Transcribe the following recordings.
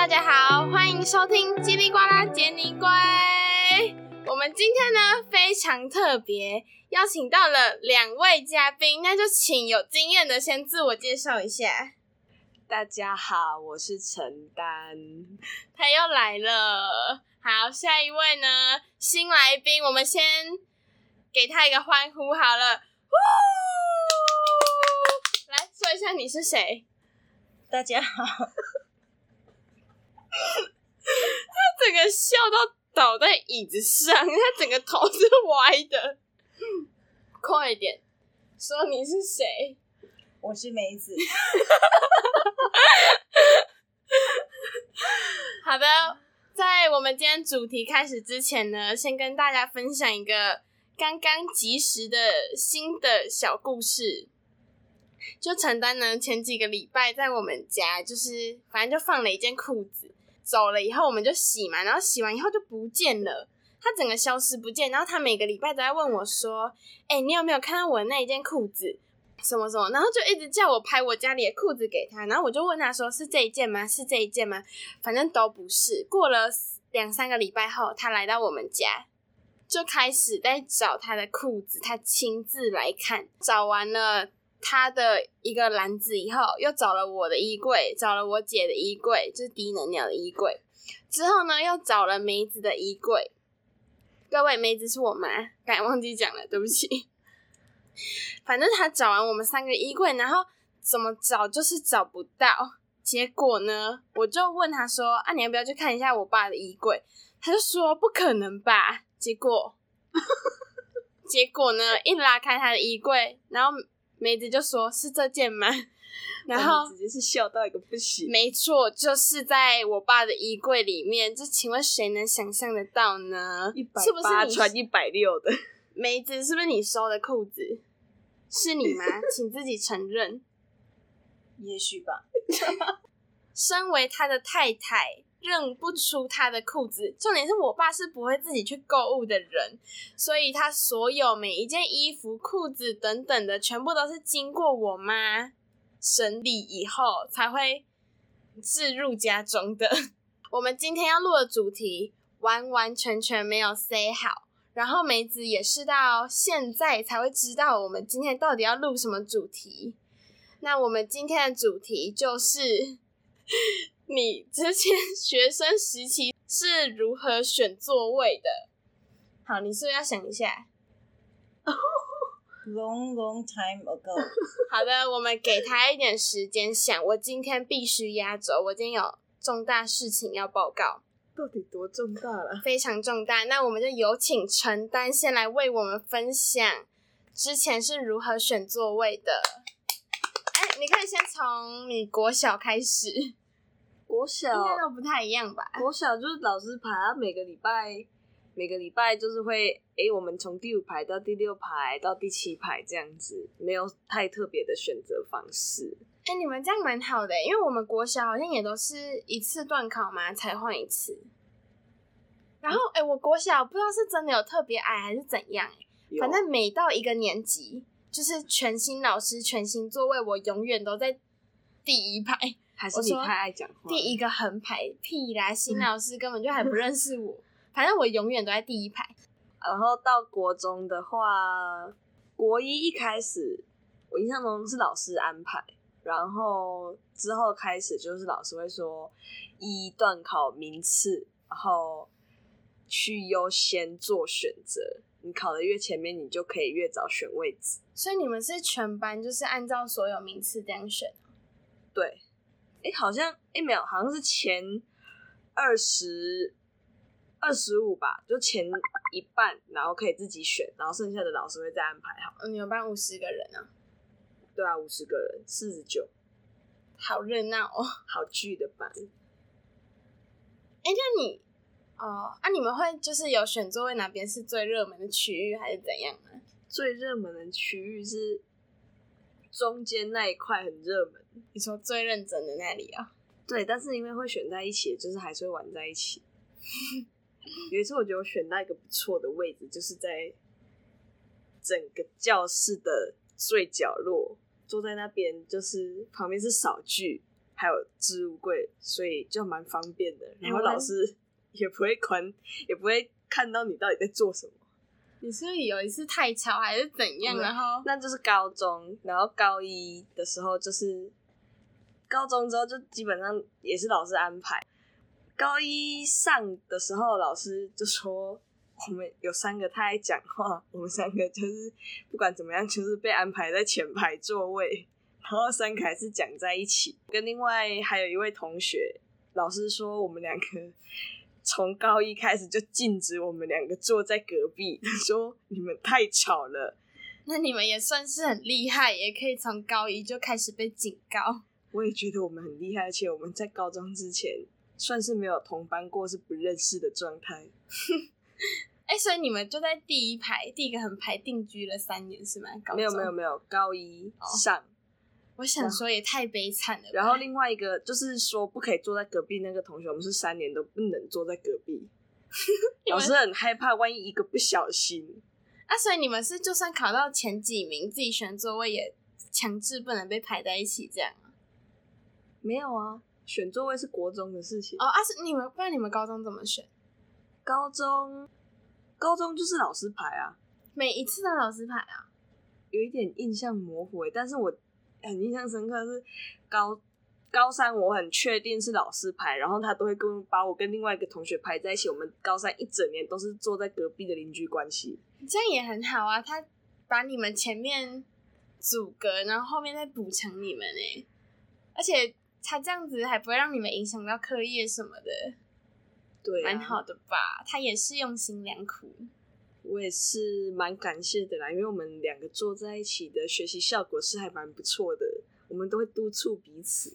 大家好，歡迎收聽《嘰里呱啦傑尼龜》。我們今天呢非常特別，邀請到了兩位嘉賓，那就請有經驗的先自我介紹一下。大家好，我是陳丹，他又來了。好，下一位呢新來賓，我們先給他一個歡呼好了。呼，來說一下你是誰？大家好。 他整個笑到倒在椅子上，他整個頭是歪的。快點說你是誰？我是梅子。 好的，在我們今天主題開始之前呢，先跟大家分享一個剛剛及時的新的小故事。就陳丹呢，前幾個禮拜在我們家，就是反正就放了一件褲子。走了以後我們就洗嘛，然後洗完以後就不見了，他整個消失不見。然後他每個禮拜都在問我說：“哎，你有沒有看到我那一件褲子？什麼什麼？”然後就一直叫我拍我家裡的褲子給他。然後我就問他說：“是這一件嗎？是這一件嗎？”反正都不是。過了兩三個禮拜後，他來到我們家，就開始在找他的褲子，他親自來看。找完了。他的一個籃子以後，又找了我的衣櫃，找了我姐的衣櫃，就是低能鳥的衣櫃。之後呢，又找了梅子的衣櫃。各位，梅子是我媽，剛忘記講了，對不起。反正他找完我們三個衣櫃，然後怎麼找就是找不到。結果呢，我就問他說：“啊，你要不要去看一下我爸的衣櫃？”他就說：“不可能吧。”結果， 結果呢，一拉開他的衣櫃，然後。梅子就說：“是這件嗎？”然後、嗯、直接是笑到一個不行。沒錯，就是在我爸的衣櫃裡面。這請問誰能想象得到呢？一百八穿一百六的梅子，是不是你收的褲子？ 是你嗎？請自己承認。 也許吧。 身為他的太太。認不出他的褲子，重點是我爸是不會自己去購物的人，所以他所有每一件衣服、褲子等等的，全部都是經過我媽審理以後才會置入家中的。 我們今天要錄的主題完完全全沒有 say 好，然後梅子也是到現在才會知道我們今天到底要錄什麼主題。那我們今天的主題就是。 你之前學生時期是如何選座位的？好，你是不是要想一下？Long long time ago。好的，我們給他一點時間想。我今天必須壓軸，我今天有重大事情要報告。到底多重大了？非常重大。那我們就有請陳丹先來為我們分享之前是如何選座位的。哎、欸，你可以先從你國小開始。國小應該都不太一樣吧。國小就是老師排每禮、每個禮拜每個禮拜就是會，哎、欸，我們從第五排到第六排到第七排這樣子，沒有太特別的選擇方式。哎、欸，你們這樣蠻好的、欸，因為我們國小好像也都是一次段考嘛，才換一次。嗯、然後，哎、欸，我國小不知道是真的有特別矮還是怎樣，有反正每到一個年級，就是全新老師、全新座位，我永遠都在第一排。還是你太愛講話？第一個橫排。屁啦，新老師根本就還不認識我。 反正我永遠都在第一排。然後到國中的話，國一一開始，我印象中是老師安排，然後之後開始就是老師會說，一段考名次，然後去優先做選擇。你考的越前面，你就可以越早選位置。所以你們是全班就是按照所有名次這樣選？對。哎，好像一秒，好像是前二十二十五吧，就前一半，然後可以自己選，然後剩下的老師會再安排好。你們班五十個人啊？對啊，五十個人，四十九，好熱鬧哦，好巨的班。哎，那你哦，啊，你們會就是有選座位哪邊是最熱門的區域，還是怎樣呢？最熱門的區域是。中間那一塊很熱門。你說最認真的那裡啊、喔？對，但是因為會選在一起，就是還是會玩在一起。 有一次我覺得我選到一個不錯的位置，就是在整個教室的最角落，坐在那邊，就是旁邊是掃具，還有置物櫃，所以就蠻方便的。然後老師也不會管，也不會看到你到底在做什麼。你是不是有一次太吵，還是怎樣？然後那就是高中，然後高一的時候就是，高中之後就基本上也是老師安排。高一上的時候，老師就說我們有三個太愛講話，我們三個就是不管怎麼樣，就是被安排在前排座位，然後三個還是講在一起。跟另外還有一位同學，老師說我們兩個。從高一開始就禁止我們兩個坐在隔壁，說你們太吵了。那你們也算是很厲害，也可以從高一就開始被警告。我也覺得我們很厲害，而且我們在高中之前算是沒有同班過，是不認識的狀態。哎、 欸，所以你們就在第一排，第一個橫排定居了三年，是嗎？高，沒有沒有沒有，高一上。哦我想說也太悲慘了，啊。然後另外一個就是說不可以坐在隔壁那個同學，我們是三年都不能坐在隔壁， 老師很害怕，們萬一一個不小心。啊，所以你們是就算考到前幾名，自己選座位也強制不能被排在一起，這樣嗎？沒有啊，選座位是國中的事情。哦，啊，是你們？不然你們高中怎麼選？高中，高中就是老師排啊，每一次的老師排啊，有一點印象模糊，但是我。很印象深刻是高高三，我很確定是老師排，然後他都會跟把我跟另外一個同學排在一起，我們高三一整年都是坐在隔壁的鄰居關係，這樣也很好啊，他把你們前面阻隔，然後後面再補成你們誒、欸，而且他這樣子還不會讓你們影響到課業什麼的，對啊，蠻好的吧，他也是用心良苦。我也是蠻感謝的啦，因為我們兩個坐在一起的學習效果是還蠻不錯的，我們都會督促彼此，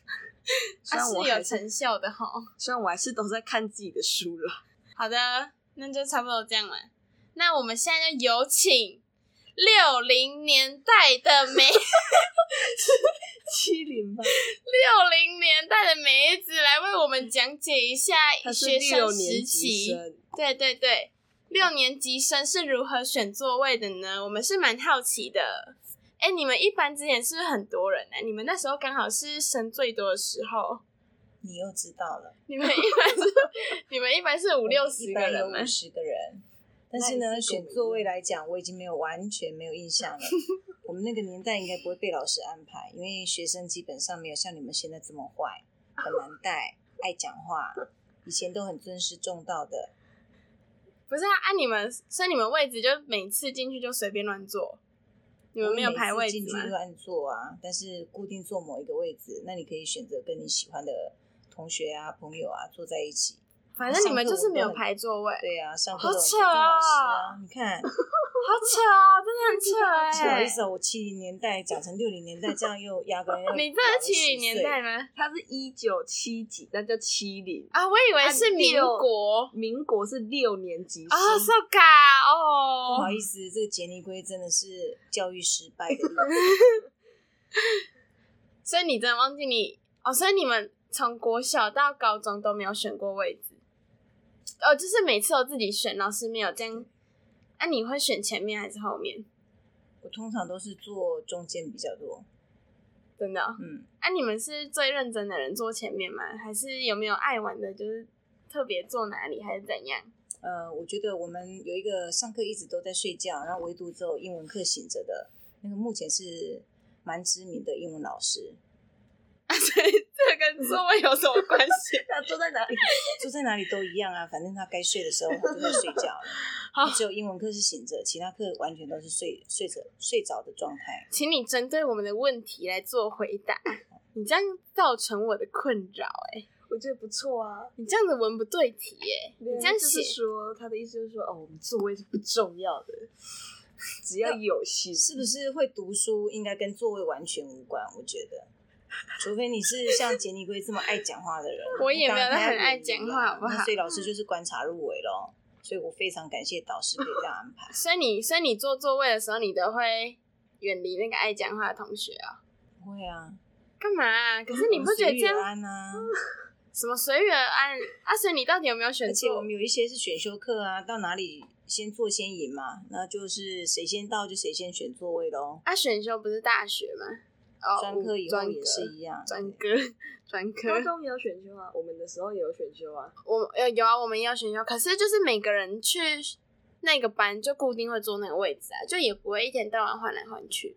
雖然我還是、啊、是有成效的哈，哦。雖然我還是都在看自己的書了。好的，那就差不多這樣啦。那我們現在就有請六零年代的梅七零吧，六零年代的梅子來為我們講解一下學生時期，他是六年級生。對對對。六年級生是如何選座位的呢？我們是蠻好奇的。哎、欸，你們一般之前是不是很多人呢？你們那時候剛好是生最多的時候。你又知道了？你們一般是 你們一般是五六十個人嗎？五十個人。但是呢，選座位來講，我已經沒有完全沒有印象了。 我們那個年代應該不會被老師安排，因為學生基本上沒有像你們現在這麼壞，很難帶，oh. 愛講話，以前都很尊師重道的。不是啊，按、啊、你們，所以你們位置就每次進去就隨便亂坐，你們沒有排位置進去亂坐啊，但是固定坐某一個位置，那你可以選擇跟你喜歡的同學啊、朋友啊坐在一起。反正上你們就是沒有排座位，對啊，上課、啊、好扯啊！你看。好扯哦，真的很扯。哎、欸！不好意思、哦，我七零年代講成六零年代，這樣又壓根。 你這是七零年代嗎？它是一九七幾，那叫七零啊！我以為是民國，民國是六年級。啊 so good 哦！不好意思，這個傑尼龜真的是教育失敗的人。 所以你真的忘記你哦？所以你們從國小到高中都沒有選過位置？哦，就是每次我自己選，老師沒有這樣。那、啊、你會選前面還是後面？我通常都是坐中間比較多，真的，哦。嗯，那、啊、你們是最認真的人坐前面嗎？還是有沒有愛玩的，就是特別坐哪裡還是怎樣？呃，我覺得我們有一個上課一直都在睡覺，然後唯獨只有英文課醒着的那個，目前是蠻知名的英文老師。啊，這這 跟座位有什麼關係？ 他坐在哪裡，欸，坐在哪裡都一樣啊。反正他該睡的時候，他就在睡覺了。 好，只有英文課是醒着，其他課完全都是睡睡着睡着的狀態。請你針對我們的問題來做回答。好你這樣造成我的困擾，哎，我覺得不錯啊。你這樣子文不對題，欸，哎對，你這樣是說他的意思就是說，哦，我們座位是不重要的，只要有心，是不是會讀書應該跟座位完全無關？我覺得。除非你是像傑尼龜這麼愛講話的人， 我也沒有很愛講話，好不好？所以老師就是觀察入微咯。所以我非常感謝導師可以這樣安排。 所以你所以你坐座位的時候，你都會遠離那個愛講話的同學啊、哦？不會啊？幹嘛啊？可是你不覺得這樣？隨緣安啊？什麼隨緣安？阿、啊、所以你到底有沒有選？而且我們有一些是選修課啊，到哪裡先坐先贏嘛？那就是誰先到就誰先選座位嘍。啊，選修不是大學嗎？哦，專、oh, 科以後也是一樣，專科專對科，科高中也有選修啊，我們的時候也有選修啊，我呃有啊，我們也有選修，可是就是每個人去那個班就固定會坐那個位置啊，就也不會一天到晚換來換去。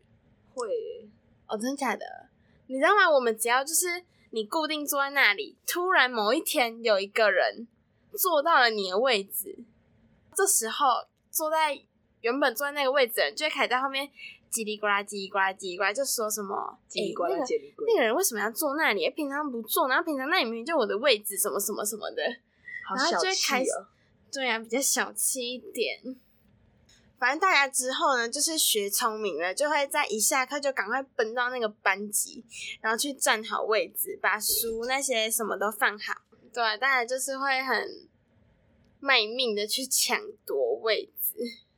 會、欸，哦，oh, 真的假的？你知道嗎？我們只要就是你固定坐在那裡，突然某一天有一個人坐到了你的位置，這時候坐在原本坐在那個位置的人就會卡在後面。嘰里呱啦，嘰里呱啦，嘰里呱，就說什麼嘰里呱啦。那個人為什麼要坐那裡？平常不坐，然後平常那裡明明就我的位置，什麼什麼什麼的。好小氣啊，然後最開始對呀，啊，比較小氣一點。反正大家之後呢，就是學聰明了，就會在一下課就趕快奔到那個班級，然後去站好位置，把書那些什麼都放好。對，啊，大家就是會很賣命的去搶奪位置。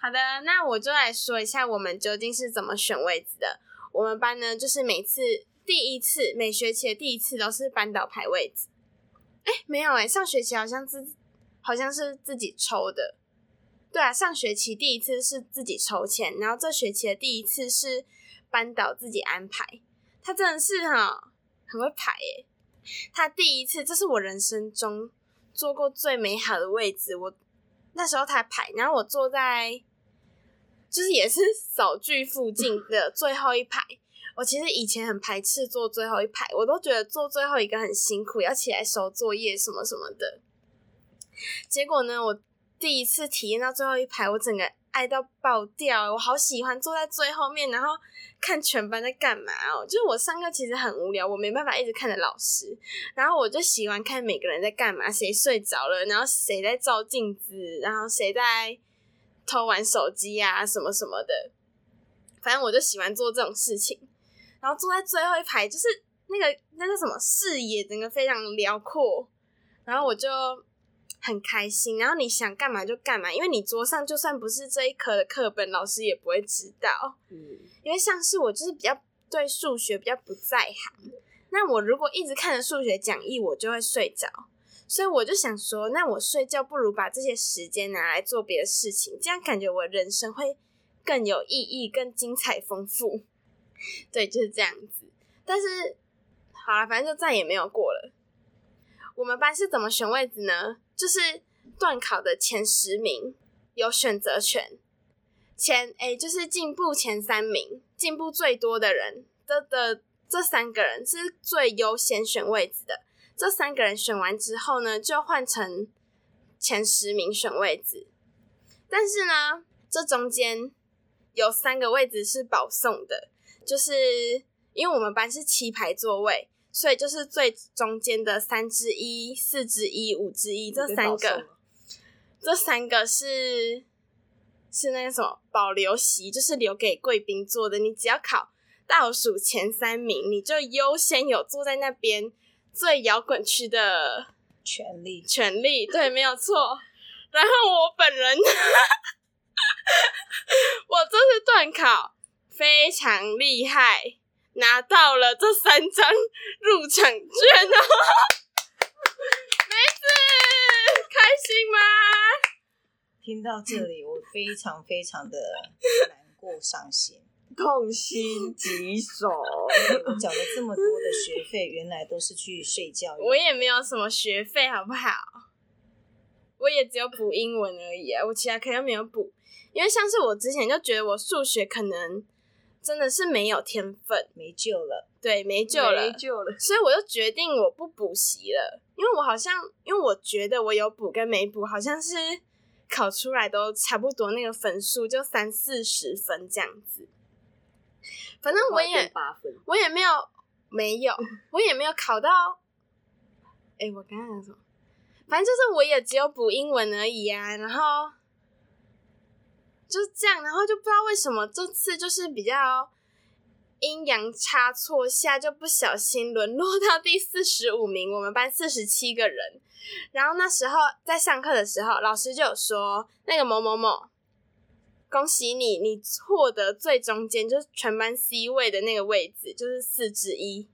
好的，那我就來說一下我們究竟是怎麼選位置的。我們班呢，就是每次第一次每學期的第一次都是班導排位置。哎，沒有哎、欸，上學期好像是好像是自己抽的。對啊，上學期第一次是自己抽籤，然後這學期的第一次是班導自己安排。他真的是哈，很會排誒、欸，他第一次，這是我人生中坐過最美好的位置。我那時候他排，然後我坐在，就是也是掃具附近的最後一排。 我其實以前很排斥坐最後一排，我都覺得坐最後一個很辛苦，要起來收作業什麼什麼的。結果呢，我第一次體驗到最後一排，我整個愛到爆掉！我好喜歡坐在最後面，然後看全班在幹嘛哦。就是我上課其實很無聊，我沒辦法一直看着老師，然後我就喜歡看每個人在幹嘛，誰睡着了，然後誰在照鏡子，然後誰在。偷玩手機呀、啊，什麼什麼的，反正我就喜歡做這種事情。然後坐在最後一排，就是那個那個什麼視野，整個非常遼闊，然後我就很開心。然後你想幹嘛就幹嘛，因為你桌上就算不是這一科的課本，老師也不會知道。嗯，因為像是我就是比較對數學比較不在行，那我如果一直看着數學講義，我就會睡着。所以我就想說，那我睡覺不如把這些時間拿來做別的事情，這樣感覺我人生會更有意義、更精彩豐富。對，就是這樣子。但是好了，反正就再也沒有過了。我們班是怎麼選位置呢？就是段考的前十名有選擇權，前，哎，就是進步前三名，進步最多的人的的這三個人是最優先選位置的。這三個人選完之後呢，就換成前十名選位置。但是呢，這中間有三個位置是保送的，就是因為我們班是七排座位，所以就是最中間的三之一、四之一、五之一這三個，這三個是是那個什麼保留席，就是留給貴賓坐的。你只要考倒數前三名，你就優先有坐在那邊。最搖滾區的權力力，權力對，沒有錯。然後我本人， 我這次段考非常厲害，拿到了這三張入場券哦、喔。 梅子，開心嗎？聽到這裡，我非常非常的難過，傷心。痛心疾首！我繳了這麼多的學費，原來都是去睡覺。我也沒有什麼學費，好不好？我也只有補英文而已啊，我其他科又沒有補。因為像是我之前就覺得我數學可能真的是沒有天分，沒救了。對，沒救了，沒救了。所以我就決定我不補習了，因為我好像，因為我覺得我有補跟沒補，好像是考出來都差不多那個分數，就三四十分這樣子。反正我也，我也沒有，沒有，我也沒有考到。哎、欸，我剛剛說，反正就是我也只有補英文而已啊，然後就這樣，然後就不知道為什麼這次就是比較陰陽差錯下就不小心淪落到第四十五名，我們班四十七個人，然後那時候在上課的時候，老師就有說那個某某某。恭喜你，你獲得最中間，就是全班 C 位的那個位置，就是四之一。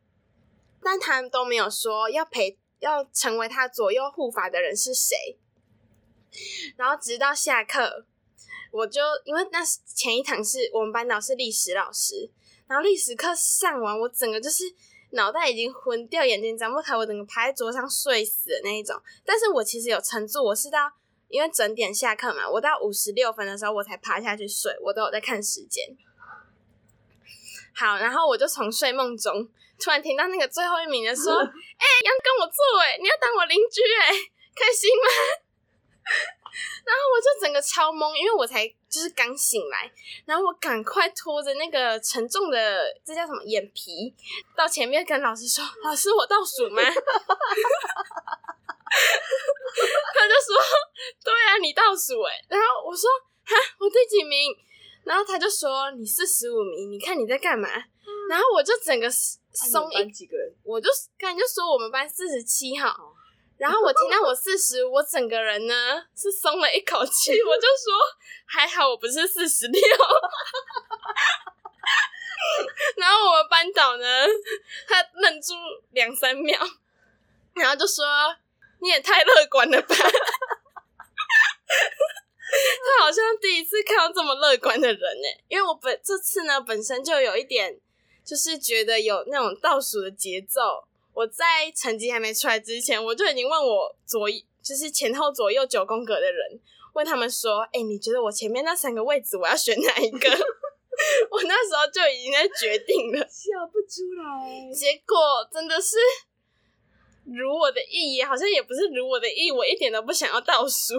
但他們都沒有說要陪，要成為他左右護法的人是誰。然後直到下課，我就因為那前一堂是我們班導是歷史老師，然後歷史課上完，我整個就是腦袋已經昏掉，眼睛睜不開，我整個趴在桌上睡死的那一種。但是我其實有撐住，我是到。因為整點下課嘛，我到五十六分的時候我才趴下去睡，我都有在看時間。好，然後我就從睡夢中突然聽到那個最後一名的說：“哎呵，楊、欸、跟我坐哎、欸，你要當我鄰居哎、欸，開心嗎？”然後我就整個超懵，因為我才就是剛醒來，然後我趕快拖着那個沉重的這叫什麼眼皮到前面跟老師說：“老師，我倒數嗎？” 他就說：“對啊，你倒數哎。”然後我說：“哈，我第幾名？”然後他就說：“你是四十五名，你看你在幹嘛？”嗯、然後我就整個鬆了一，了、啊、幾個人，我就感覺就說：“我們班四十七號。”然後我聽到我四十五我整個人呢是鬆了一口氣， 我就說：“還好我不是四十六。 ”然後我們班長呢，他愣住兩三秒，然後就說。你也太樂觀了吧！ 他好像第一次看到這麼樂觀的人誒、欸，因為我本這次呢本身就有一點，就是覺得有那種倒數的節奏。我在成績還沒出來之前，我就已經問我左，就是前後左右九宮格的人，問他們說：“哎、欸，你覺得我前面那三個位置我要選哪一個？” 我那時候就已經在決定了，笑不出來。結果真的是。如我的意，好像也不是如我的意，我一點都不想要倒數，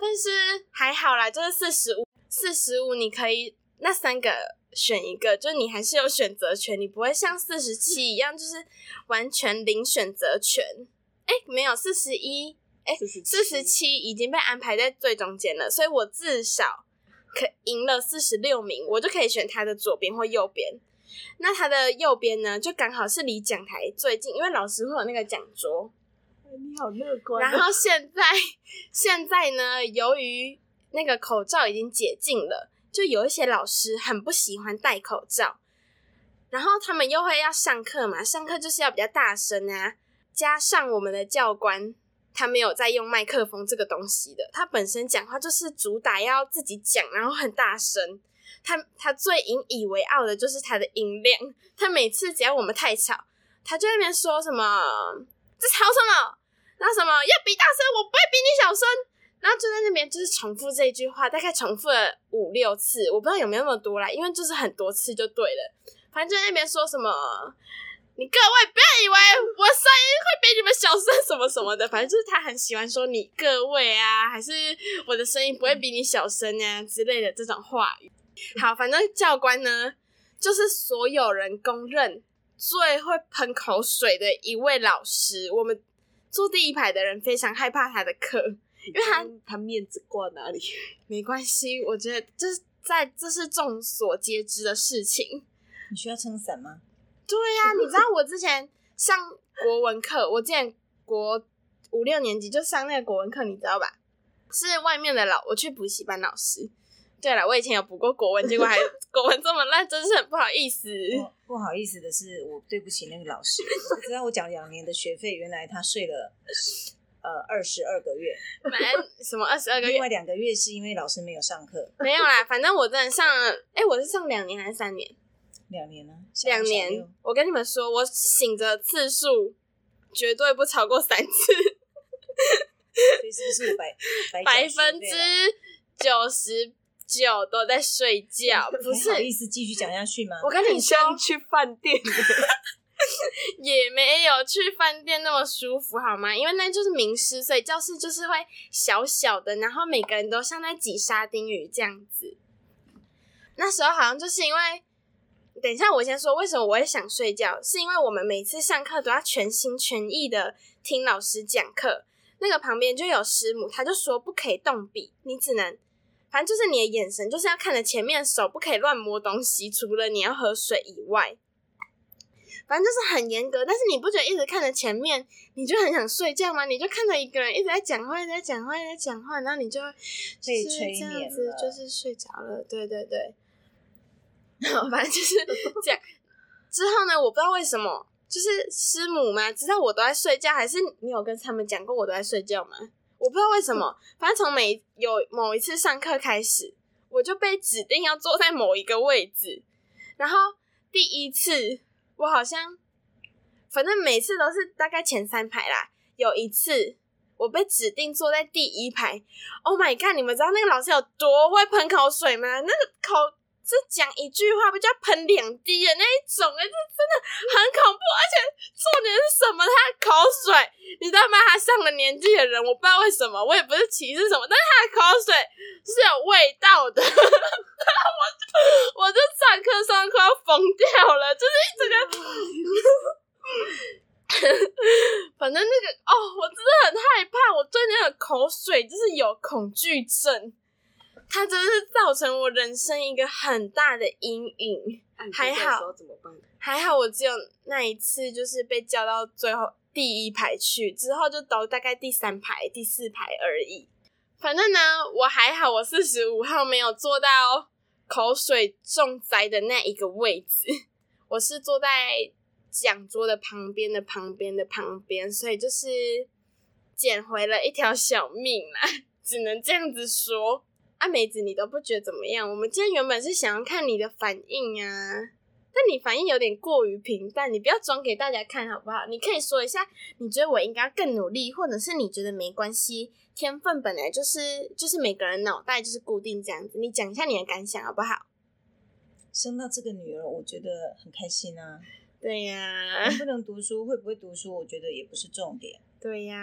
但是還好啦，就是四十五、四十五，你可以那三個選一個，就你還是有選擇權，你不會像四十七一樣，就是完全零選擇權。哎、欸，沒有四十一，哎、欸，四十七已經被安排在最中間了，所以我至少可贏了四十六名，我就可以選他的左邊或右邊。那他的右邊呢，就剛好是離講台最近，因為老師會有那個講桌。哎，你好樂觀啊。然後現在，現在呢，由於那個口罩已經解禁了，就有一些老師很不喜歡戴口罩。然後他們又會要上課嘛，上課就是要比較大聲啊。加上我們的教官，他沒有在用麥克風這個東西的，他本身講話就是主打要自己講，然後很大聲。他他最引以為傲的就是他的音量。他每次只要我們太吵，他就在那邊說什麼“這吵什麼”，那什麼“要比大聲，我不會比你小聲”，然後就在那邊就是重複這一句話，大概重複了五六次，我不知道有沒有那麼多啦，因為就是很多次就對了。反正就在那邊說什麼“你各位不要以為我聲音會比你們小聲什麼什麼的”，反正就是他很喜歡說“你各位啊”，還是“我的聲音不會比你小聲啊”之類的這種話語。好，反正教官呢，就是所有人公認最會噴口水的一位老師。我們坐第一排的人非常害怕他的課，因為他他面子掛哪裡？沒關係，我覺得就是在這是衆所皆知的事情。你需要撐傘嗎？對呀、啊，你知道我之前上國文課， 我之前國五六年級就上那個國文課，你知道吧？是外面的老我去補習班老師。對了，我以前有補過國文，結果還國文這麼爛，真是很不好意思。不好意思的是，我對不起那個老師。你知道我講兩年的學費，原來他睡了呃二十二個月，什麼二十二個月？另外兩個月是因為老師沒有上課。 沒有啦，反正我真的上了。哎、欸，我是上兩年還是三年？兩年啊，兩年。我跟你們說，我醒着次數絕對不超過三次。其 實是百百分之九十？就都在睡覺，不是？好意思繼續講下去嗎？我跟你像去飯店， 也沒有去飯店那麼舒服，好嗎？因為那就是名師，所以教室就是會小小的，然後每個人都像在擠沙丁魚這樣子。那時候好像就是因為，等一下我先說，為什麼我也想睡覺？是因為我們每次上課都要全心全意的聽老師講課，那個旁邊就有師母，他就說不可以動筆，你只能。反正就是你的眼神，就是要看着前面，手不可以亂摸東西，除了你要喝水以外，反正就是很嚴格。但是你不覺得一直看着前面，你就很想睡覺嗎？你就看到一個人一直在講話，一直在講話，一直在講話，然後你就可以這樣子就是睡着了。對對對，然後反正就是這樣。之後呢，我不知道為什麼，就是師母嘛，知道我都在睡覺，還是你有跟他們講過我都在睡覺嗎？我不知道為什麼，反正從每有某一次上課開始，我就被指定要坐在某一個位置。然後第一次，我好像反正每次都是大概前三排啦。有一次，我被指定坐在第一排。Oh my God！你們知道那個老師有多會噴口水嗎？那個口。是講一句話就要噴兩滴的那一種哎，這真的很恐怖。而且重點是什麼？他的口水，你知道嗎？他上了年紀的人，我不知道為什麼，我也不是歧視什麼，但是他的口水是有味道的。 我就我就上課上快要瘋掉了，就是一整個， 反正那個哦，我真的很害怕，我對那個口水就是有恐懼症。它真的是造成我人生一個很大的陰影。啊、還好怎麼辦？還好我只有那一次，就是被叫到最後第一排去，之後就到大概第三排、第四排而已。反正呢，我還好，我四十五號沒有坐到口水重災的那一個位置，我是坐在講桌的旁邊的、旁邊的、旁邊，所以就是撿回了一條小命啦，只能這樣子說。阿梅子，你都不覺得怎麼樣？我們今天原本是想要看你的反應啊，但你反應有點過於平淡，你不要裝給大家看好不好？你可以說一下，你覺得我應該更努力，或者是你覺得沒關係？天分本來就是就是每個人腦袋就是固定這樣子，你講一下你的感想好不好？生到這個女兒，我覺得很開心啊。對呀、啊，能不能讀書，會不會讀書，我覺得也不是重點。對呀、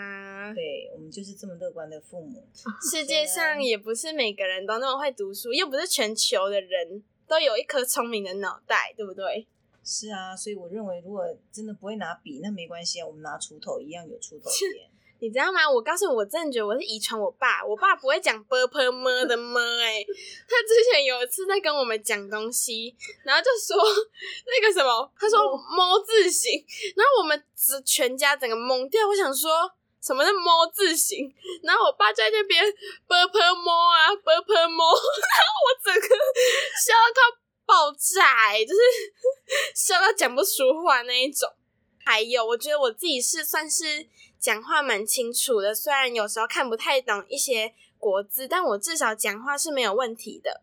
啊，對，我們就是這麼樂觀的父母。 世界上也不是每個人都那麼會讀書，又不是全球的人都有一顆聰明的腦袋，對不對？是啊，所以我認為，如果真的不會拿筆，那沒關係啊，我們拿鋤頭一樣有鋤頭點。 你知道嗎？我告訴你，我真的覺得我是遺傳我爸。我爸不會講 “ㄅㄆㄇ” 的 ㄇ，哎，他之前有一次在跟我們講東西，然後就說那個什麼，他說 “ㄇ 字形”，然後我們整全家整個懵掉。我想說什麼是 “ㄇ 字形”，然後我爸就在那邊 “ㄅㄆㄇ” 啊，“ㄅㄆㄇ”， 然後我整個笑到快爆炸，欸，就是笑到講不出話那一種。還有，我覺得我自己是算是講話蠻清楚的，雖然有時候看不太懂一些國字，但我至少講話是沒有問題的。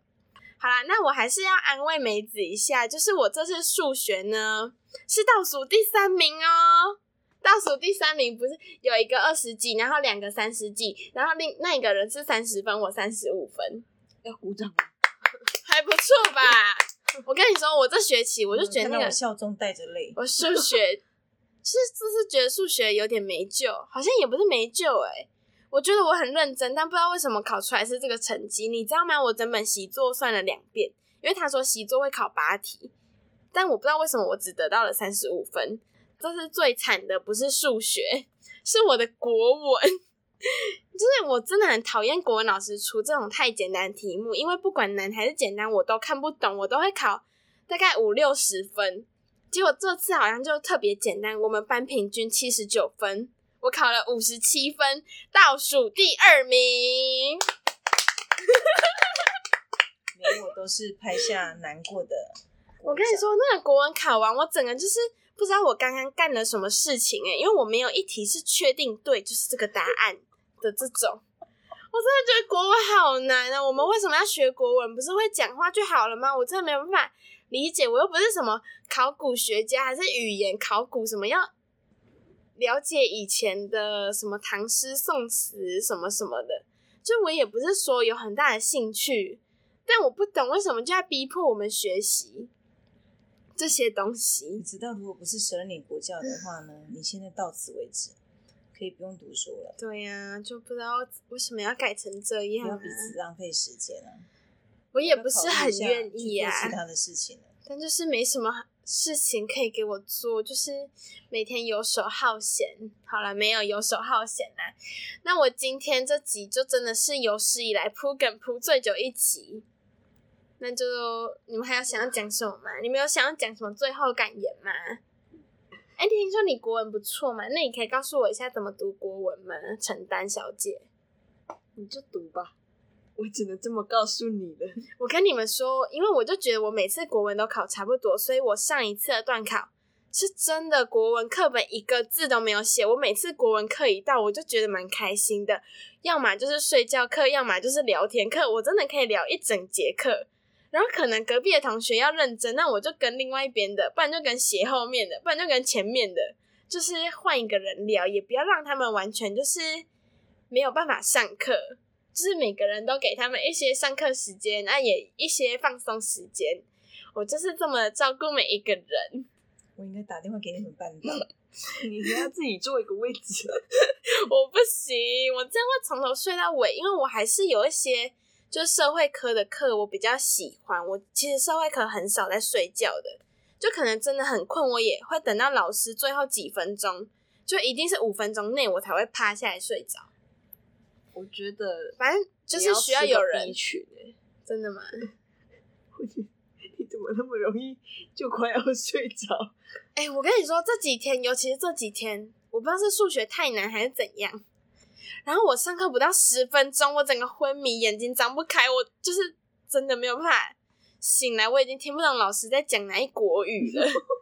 好啦，那我還是要安慰梅子一下，就是我這次數學呢是倒數第三名哦、喔。倒數第三名不是有一個二十幾，然後兩個三十幾，然後另那個人是三十分，我三十五分，要鼓掌，還不錯吧？ 我跟你說，我這學期我就覺得、那個，嗯、我笑中帶着淚，我數學。 是，就是覺得數學有點沒救，好像也不是沒救誒、欸，我覺得我很認真，但不知道為什麼考出來是這個成績。你知道嗎？我整本習作算了兩遍，因為他說習作會考八題，但我不知道為什麼我只得到了三十五分。這是最慘的，不是數學，是我的國文。 就是我真的很討厭國文老師出這種太簡單題目，因為不管難還是簡單，我都看不懂，我都會考大概五六十分。結果這次好像就特別簡單，我們班平均七十九分，我考了五十七分，倒數第二名。沒有，都是拍下難過的。我跟你說，那個國文考完，我整個就是不知道我剛剛幹了什麼事情哎，因為我沒有一題是確定對，就是這個答案的這種。我真的覺得國文好難啊！我們為什麼要學國文？不是會講話就好了嗎？我真的沒有辦法。理解，我又不是什麼考古學家，還是語言考古什麼要了解以前的什麼唐詩宋詞什麼什麼的，就我也不是說有很大的興趣，但我不懂為什麼就要逼迫我們學習這些東西。你知道，如果不是十二年國教的話呢，嗯、你現在到此為止，可以不用讀書了。對呀，啊，就不知道為什麼要改成這樣，啊，彼此浪費時間了，啊。我也不是很願意啊，但就是沒什麼事情可以給我做，就是每天游手好閒。好了，沒有游手好閒啊。那我今天這集就真的是有史以來鋪梗鋪最久一集。那就你們還要想要講什麼嗎？你們有想要講什麼最後感言嗎？哎、欸，你聽說你國文不錯嘛，那你可以告訴我一下怎麼讀國文嗎？陳丹小姐，你就讀吧。我只能這麼告訴你了。我跟你們說，因為我就覺得我每次國文都考差不多，所以我上一次的段考是真的國文課本一個字都沒有寫。我每次國文課一到，我就覺得蠻開心的，要麼就是睡覺課，要麼就是聊天課。我真的可以聊一整節課。然後可能隔壁的同學要認真，那我就跟另外一邊的，不然就跟斜後面的，不然就跟前面的，就是換一個人聊，也不要讓他們完全就是沒有辦法上課。就是每個人都給他們一些上課時間，那、啊、也一些放鬆時間，我就是這麼照顧每一個人。我應該打電話給你們班長， 你還要自己坐一個位置， 我不行，我這樣會從頭睡到尾，因為我還是有一些就是社會科的課我比較喜歡，我其實社會科很少在睡覺的，就可能真的很困，我也會等到老師最後幾分鐘，就一定是五分鐘內我才會趴下來睡着。我覺得反正就是需要，要有人去真的嗎？我，你怎麼那麼容易就快要睡着？哎、欸，我跟你說，這幾天尤其是這幾天，我不知道是數學太難還是怎樣。然後我上課不到十分鐘，我整個昏迷，眼睛張不開，我就是真的沒有辦法醒來。我已經聽不懂老師在講哪一國語了。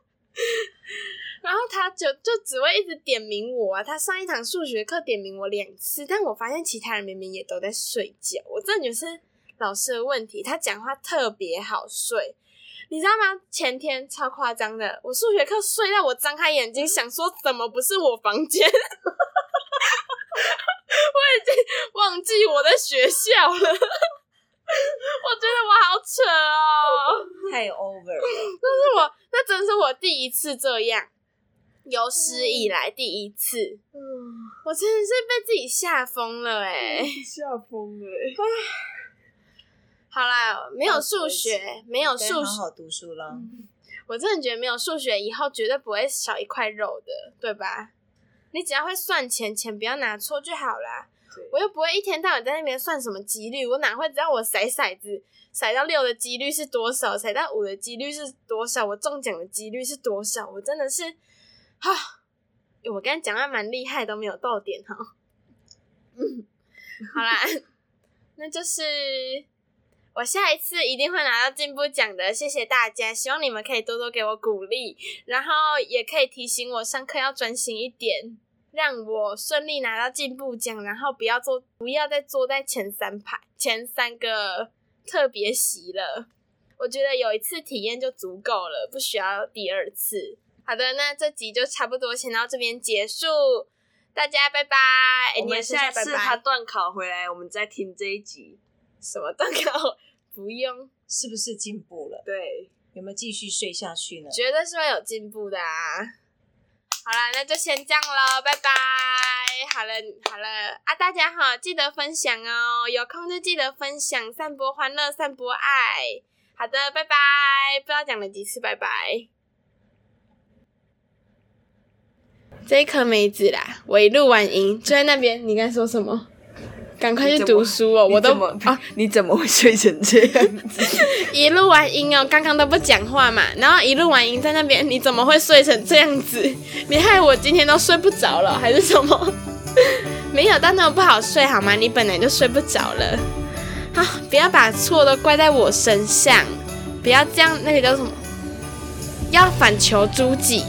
然後他就就只會一直點名我啊，他上一堂數學課點名我兩次，但我發現其他人明明也都在睡覺。我這就是老師的問題，他講話特別好睡，你知道嗎？前天超誇張的，我數學課睡到我張開眼睛想說怎麼不是我房間， 我已經忘記我在學校了。 我覺得我好扯哦，太 over 了。那 是我，那真是我第一次這樣。有史以來第一次，嗯、我真的是被自己嚇瘋了誒，嚇瘋了誒、欸、 好啦，沒有數學，沒有數學，好好讀書啦。嗯、我真的覺得沒有數學，以後絕對不會少一塊肉的，對吧？你只要會算錢，錢不要拿錯就好啦。對我又不會一天到晚在那邊算什麼幾率，我哪會知道我甩骰，骰子甩到六的幾率是多少，甩到五的幾率是多少，我中獎的幾率是多少？我真的是。哈、哦，我剛才講的蠻厲害，都沒有到點哈、哦。嗯，好啦， 那就是我下一次一定會拿到進步獎的，謝謝大家。希望你們可以多多給我鼓勵，然後也可以提醒我上課要專心一點，讓我順利拿到進步獎，然後不要坐，不要再坐在前三排、前三個特別席了。我覺得有一次體驗就足夠了，不需要第二次。好的，那這集就差不多先到這邊結束，大家拜拜。欸、我們下次他段考回來，我們再聽這一集。什麼段考？不用，是不是進步了？對，有沒有繼續睡下去呢？覺得是會有進步的啊。好啦，那就先這樣咯，拜拜。好了好了啊，大家好，記得分享哦，有空就記得分享，散播歡樂，散播愛。好的，拜拜。不知道講了幾次拜拜。這一顆梅子啦，我一錄完音就在那邊，你該說什麼？趕快去讀書哦、喔！我都啊，你怎麼會睡成這樣子？ 一錄完音哦、喔，剛剛都不講話嘛，然後一錄完音在那邊，你怎麼會睡成這樣子？你害我今天都睡不着了，還是什麼？沒有，但那種不好睡好嗎？你本來就睡不着了，好，不要把錯都怪在我身上，不要這樣，那個叫什麼？要反求諸己。